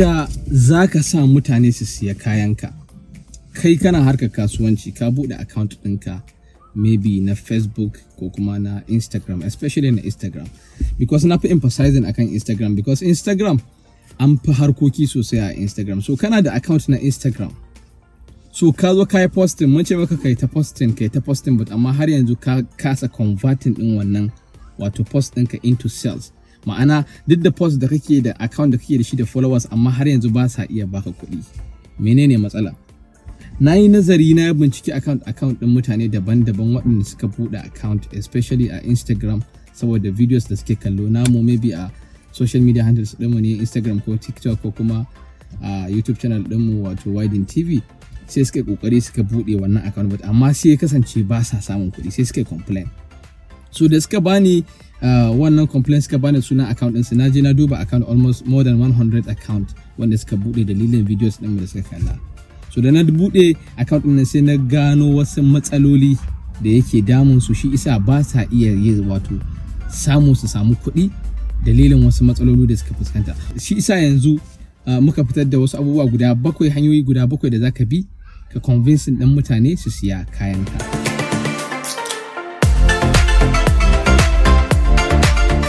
yadda za ka sa mutane su siya kayanka kai kana harkar kasuwanci ka buɗe account ɗinka maybe na facebook ko kuma na instagram especially na instagram because na fi emphasizing akan instagram because instagram an fi harkoki sosai a instagram so kana da account na instagram so ka zo ka yi posting mace ce maka kai ta posting kai ta posting but amma har yanzu ka kasa converting ɗin wannan wato post ɗinka into sales ma'ana duk da post da kake da account da kake da shi da followers amma har yanzu ba sa iya baka kuɗi menene matsala na yi nazari na binciki account account din mutane daban-daban waɗanda suka buɗe account especially a instagram saboda videos da suke kallo namu maybe a social media handles mu ne instagram ko tiktok ko kuma a youtube channel ɗinmu wato widen tv sai suka kokari suka buɗe wannan account amma sai ya kasance ba sa samun kuɗi sai suka complain so da suka bani uh, wannan complaint suka bani sunan account din su na je na duba account almost more than 100 account wanda suka bude dalilin videos din da suka kalla so da na buɗe account din sai na gano wasu matsaloli da yake damun su shi isa ba sa iya yi wato samu su samu kuɗi dalilin wasu matsaloli da suka fuskanta shi isa yanzu uh, muka fitar da wasu abubuwa guda bakwai hanyoyi guda bakwai da zaka bi ka convince ɗan mutane su siya kayanka.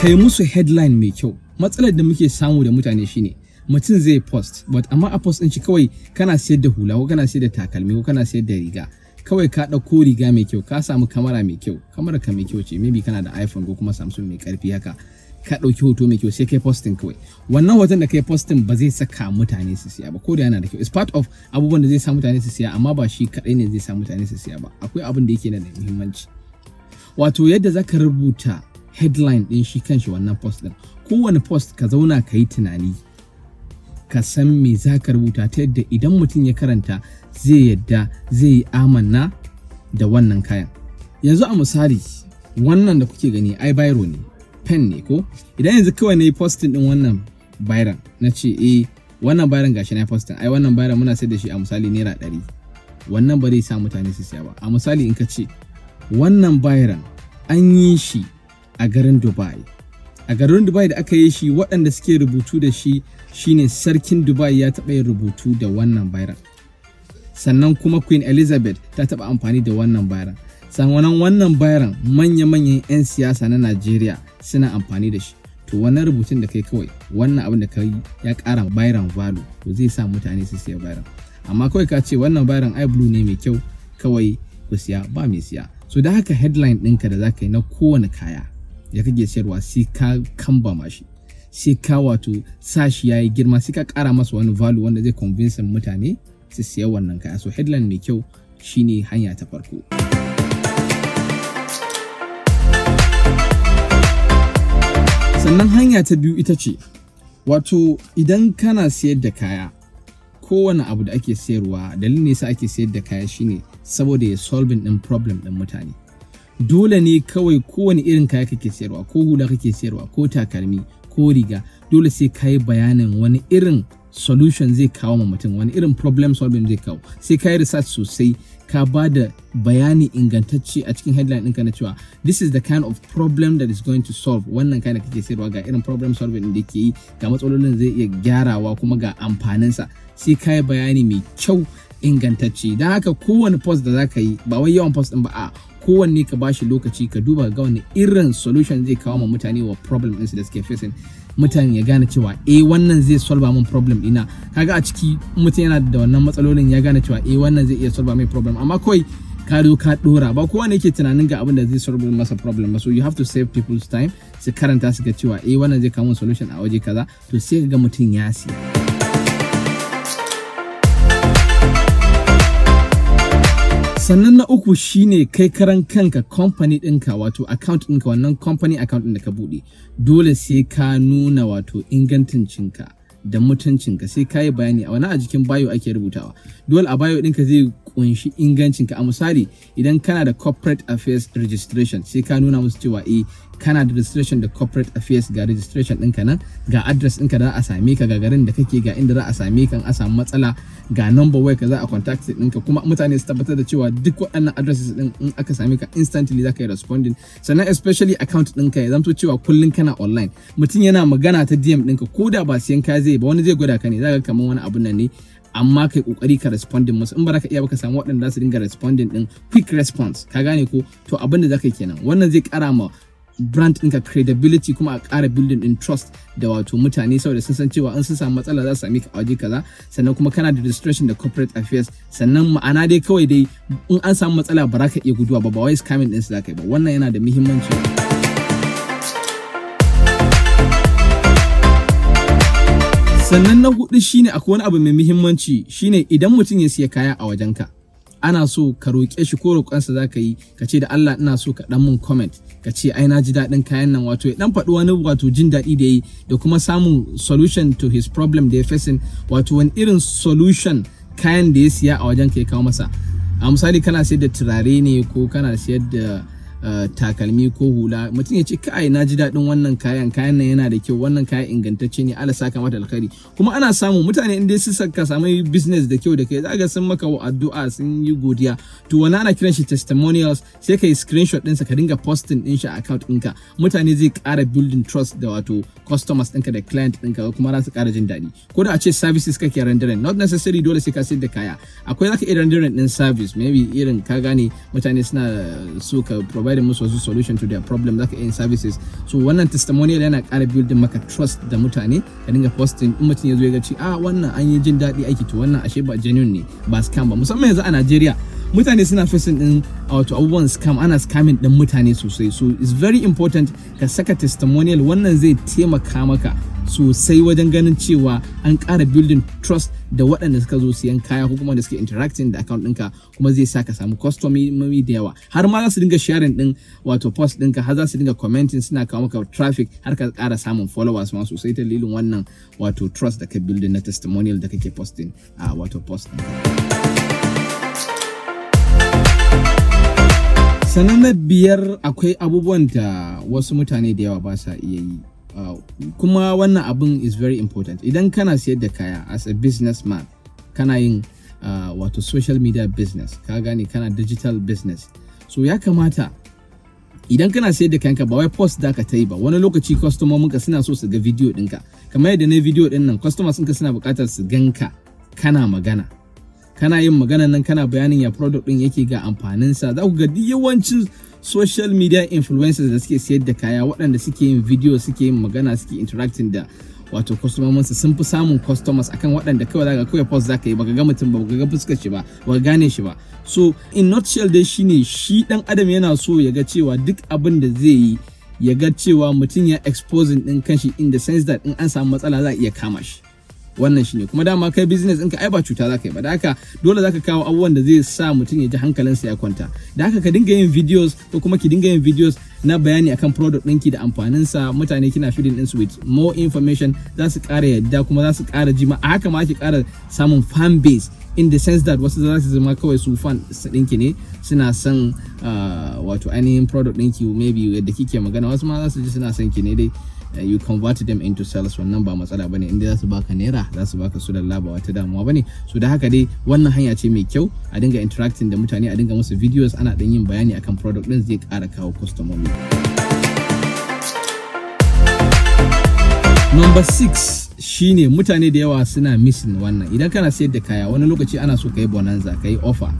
kai musu headline mai kyau matsalar da muke samu da mutane shine mutum zai post but amma a post ɗin shi kawai kana sayar da hula ko kana sayar da takalmi ko kana sayar da riga kawai ka ɗauko riga mai kyau ka samu kamara mai kyau Kamara ka mai kyau ce maybe kana da iphone ko kuma samsung mai karfi haka ka ɗauki hoto mai kyau sai kai posting kawai wannan hoton da kai posting ba zai saka mutane su siya ba ko da yana da kyau is part of abubuwan da zai sa mutane su siya amma ba shi kaɗai ne zai sa mutane su siya ba akwai abin da yake da muhimmanci wato yadda zaka rubuta headline din shi kanshi wannan post din kowane post ka zauna ka yi tunani ka san me za ka rubuta ta yadda idan mutum ya karanta zai yadda zai yi amanna da wannan kayan yanzu a misali wannan da kuke gani ai biro ne pen ne ko idan yanzu kawai na yi postin din wannan biron na ce eh wannan biron gashi na postin ai wannan biron muna sai da shi a misali naira ɗari wannan ba zai sa mutane su siya ba a misali in ka ce wannan biron an yi shi a garin Dubai. A garin Dubai da aka yi shi waɗanda suke rubutu da shi shine sarkin Dubai ya taɓa yin rubutu da wannan bayran. Sannan kuma Queen Elizabeth ta taɓa amfani da wannan bayran. Sannan wannan bayran manya-manyan 'yan siyasa na Najeriya suna amfani da shi. To wannan rubutun da kai kawai wannan abin da ka yi ya ƙara bayran valo to zai sa mutane su siya bayran. Amma kawai ka ce wannan bayran ai blue ne mai kyau kawai ku siya ba mai siya. So da haka headline ɗinka da za ka yi na kowane kaya da kake sayarwa sai ka kamba mashi sai ka wato sa shi yayi girma sai ka kara masa wani value wanda zai convince mutane su siya wannan kaya so headline mai kyau shine hanya ta farko sannan hanya ta biyu ita ce wato idan kana sayar da kaya kowane abu da ake sayarwa dalilin ne sa ake sayar da kaya shine saboda ya solving din problem din mutane dole ne kawai kowane irin kaya kake sayarwa, ko hula kake sayarwa, ko takalmi ko riga dole sai kayi bayanin wani irin solution zai kawo ma mutum wani irin problem solving zai kawo sai kayi yi research sosai ka ba da bayani ingantacce a cikin headline ɗinka na cewa this is the kind of problem that is going to solve wannan kind da kake sayarwa ga irin problem solving da ke yi ga matsalolin zai iya gyarawa kuma ga amfaninsa sai kayi bayani mai kyau ingantacce don haka kowane post da zaka yi ba wai yawan post din ba a kowanne ka bashi lokaci ka duba ga wani irin solution zai kawo ma mutane wa problem su da suke facing mutane ya gane cewa eh wannan zai solve min problem ina kaga a ciki mutum yana da wannan matsalolin ya gane cewa eh wannan zai iya solve ma problem amma kawai ka zo ka dora ba kowa ne yake tunanin ga abin da zai solve masa problem so you have to save people's time su karanta su ga cewa eh wannan zai kawo solution a waje kaza to sai ga mutum ya siya sannan na uku shine kai karan kanka company ɗinka wato account ɗinka wannan company account ɗin da ka buɗe dole sai ka nuna wato ingantancinka da mutuncinka sai ka yi bayani a wani a jikin bayo ake rubutawa dole a bayo ɗinka zai kunshi ingancinka a misali idan kana da corporate affairs registration sai ka nuna musu cewa eh kana da registration da corporate affairs ga registration ɗinka nan ga address ɗinka da za a same ka ga garin da kake ga inda za a same ka a samu matsala ga number waya ka za a contact ɗinka kuma mutane su tabbatar da cewa duk waɗannan addresses ɗin in aka same ka instantly za ka yi responding sannan especially account ɗinka ya zamto cewa kullum kana online mutum yana magana ta DM ɗinka ko da ba siyan ka zai ba wani zai gwada ka ne za kamar wani abun nan ne amma kai kokari ka responding musu in ba za ka iya ba ka samu waɗanda za su dinga responding din quick response ka gane ko to abin da za ka yi kenan wannan zai kara ma brand ka credibility kuma a ƙara building in trust da wato mutane saboda sun san cewa in sun samu matsala za su sami ka waje kaza sannan kuma kana da registration da corporate affairs sannan ma'ana dai kawai dai in an samu matsala ba za ka iya guduwa ba ba wai scamming ɗin su za ka yi ba wannan yana da muhimmanci. sannan na hudu shine akwai wani abu mai muhimmanci shine idan mutum ya siya kaya a wajen ka. ana so ka roƙe shi ko roƙonsa za ka yi ka ce da Allah ina so ka ɗan mun comment ka ce ai na ji daɗin kayan nan wato ya ɗan faɗi wani wato jin daɗi da yi da kuma samun solution to his problem da ya facing wato wani irin solution kayan da ya siya a wajen ka ya kawo masa a misali kana sayar da turare ne ko kana sayar da Eh, takalmi ko hula mutum ya ce kai na ji daɗin wannan kayan kayan nan yana da kyau wannan kayan ingantacce ne ala saka mata alkhairi kuma ana samu mutane inda su saka samu business da kyau da kai za san maka addu'a sun yi godiya to wani ana kiran shi testimonials sai ka yi screenshot ɗinsa ka dinga posting ɗin shi a account ɗinka mutane zai ƙara building trust da wato customers ɗinka da client ɗinka kuma za su ƙara jin daɗi ko da a ce services kake rendering not necessary dole sai ka sayar da kaya akwai zaka iya rendering ɗin service maybe irin ka gane mutane suna so ka provide providing musu wasu solution to their problem zaka in services so wannan testimonial yana ƙara building maka trust da mutane ka dinga posting in mutum ya zo ya ce a ah, wannan an yi jin daɗi aiki to wannan ashe ba genuine ne ba scam ba musamman yanzu a Najeriya mutane suna facing din wato abubuwan scam ana scamming din mutane sosai so it's very important ka saka testimonial wannan zai taimaka maka sosai wajen ganin cewa an ƙara building trust da waɗanda suka zo siyan kaya ko kuma da suke interacting da account ɗinka kuma zai sa ka samu customomi da yawa har ma za su dinga sharing ɗin wato post ɗinka har za su dinga commenting suna kawo maka traffic har ka kara samun followers ma sosai dalilin wannan wato trust da ka building na testimonial da kake posting a wato post ɗin. sannan na biyar akwai abubuwan da wasu mutane da yawa ba sa iya yi Uh, kuma wannan abin is very important idan kana siyar da kaya as a businessman kana yin uh, wato social media business ka gane kana digital business so ya kamata idan kana siyar da kayanka ba wai post da ka ta yi ba wani lokaci kwastomominka suna so su ga video ɗinka kamar yadda na video ɗin nan sun ka suna buƙatar su gan ka. kana magana kana yin magana nan kana bayanin ya product ɗin yake ga amfaninsa za ku ga yawancin social media influencers da suke siyar da kaya waɗanda suke yin video suke yin magana suke interacting da wato kwastomominsu sun fi samun customers akan waɗanda kawai zaka kawai post zaka yi baka ga mutum ba baka ga fuskar shi ba baka gane shi ba so in nutshell dai shine shi dan adam yana so ya ga cewa duk abin da zai yi ya ga cewa mutum ya exposing din kanshi in the sense that in an samu matsala za a iya kama shi wannan shine kuma dama kai business ɗinka ai ba cuta za yi ba da haka dole za ka kawo abubuwan da zai sa mutum ya ji hankalinsa ya kwanta da haka ka dinga yin videos ko kuma ki dinga yin videos na bayani akan product ɗinki da amfanin sa mutane kina feeding su with more information za su ƙara yadda kuma za su ƙara jima a haka ma ki ƙara samun fan base in the sense that wasu za su zama kawai su fan ɗinki ne suna son ah, wato ainihin product ɗinki maybe yadda kike magana wasu ma za su ji suna son ki ne dai Eh, you convert them into sales wannan ba matsala bane inda za su baka naira za su baka su dalla ba wata damuwa bane so da haka dai wannan hanya ce mai kyau a dinga interacting da mutane a dinga musu videos ana dan yin bayani akan product din zai kara kawo customer Number six shine mutane da yawa suna missing wannan idan kana sayar da kaya wani lokaci ana so ka yi bonanza ka yi offer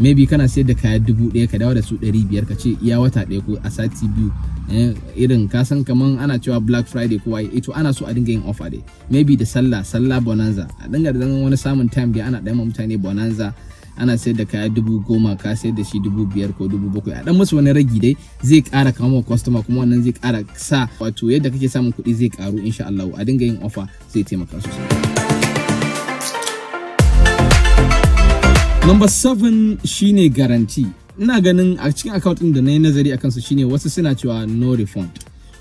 maybe kana sayar da kaya dubu ɗaya ka dawo da su ɗari biyar ka ce iya wata ɗaya ko a sati biyu eh, irin ka san kaman ana cewa black friday ko waye eh to ana so a dinga yin offer dai maybe da sallah sallah bonanza a dinga da wani samun time dai ana ɗaya mutane bonanza ana sayar da kaya dubu goma ka sayar da shi dubu biyar ko dubu bakwai a dan musu wani ragi dai zai kara kama customer kuma wannan zai kara sa wato yadda kake samun kuɗi zai karu insha Allah a dinga yin offer zai taimaka sosai. Number 7 shine garanti. Ina ganin a cikin account din da na yi nazari akan su shine wasu suna cewa no refund.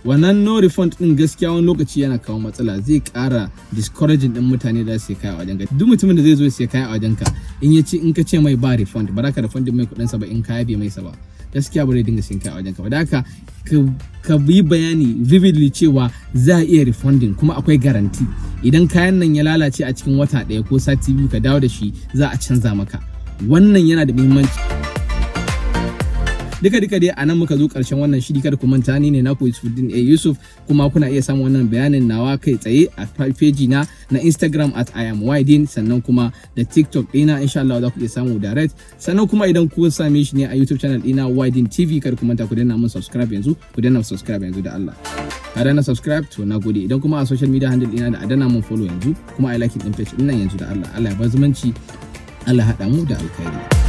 Wannan no refund din gaskiya wani lokaci yana kawo matsala zai kara discouraging din mutane da su kai a wajenka. Duk mutumin da zai zo ya kai a wajenka in ya ce in ka ce mai ba refund ba za ka refund mai kudin sa ba in ka bai mai sa ba. gaskiya bare dinga sin kai a wajenka ba da haka ka yi bayani vividly cewa za a iya refunding kuma akwai garanti idan kayan nan ya lalace a cikin wata ɗaya ko sati biyu ka dawo da shi za a canza maka wannan yana da muhimmanci duka duka dai anan muka zo karshen wannan shiri kada ku manta ni ne naku Yusufuddin A Yusuf kuma kuna iya samun wannan bayanin nawa kai tsaye a page na na Instagram at Widen sannan kuma da TikTok ɗina insha Allah za ku iya samu direct sannan kuma idan ku same shi ne a YouTube channel ɗina Widen TV kada ku manta ku danna mun subscribe yanzu ku danna subscribe yanzu da Allah a danna subscribe to nagode idan kuma a social media handle ɗina da a danna mun follow yanzu kuma a like ɗin page ɗin nan yanzu da Allah Allah ya bar zumunci Allah haɗa mu da alkhairi.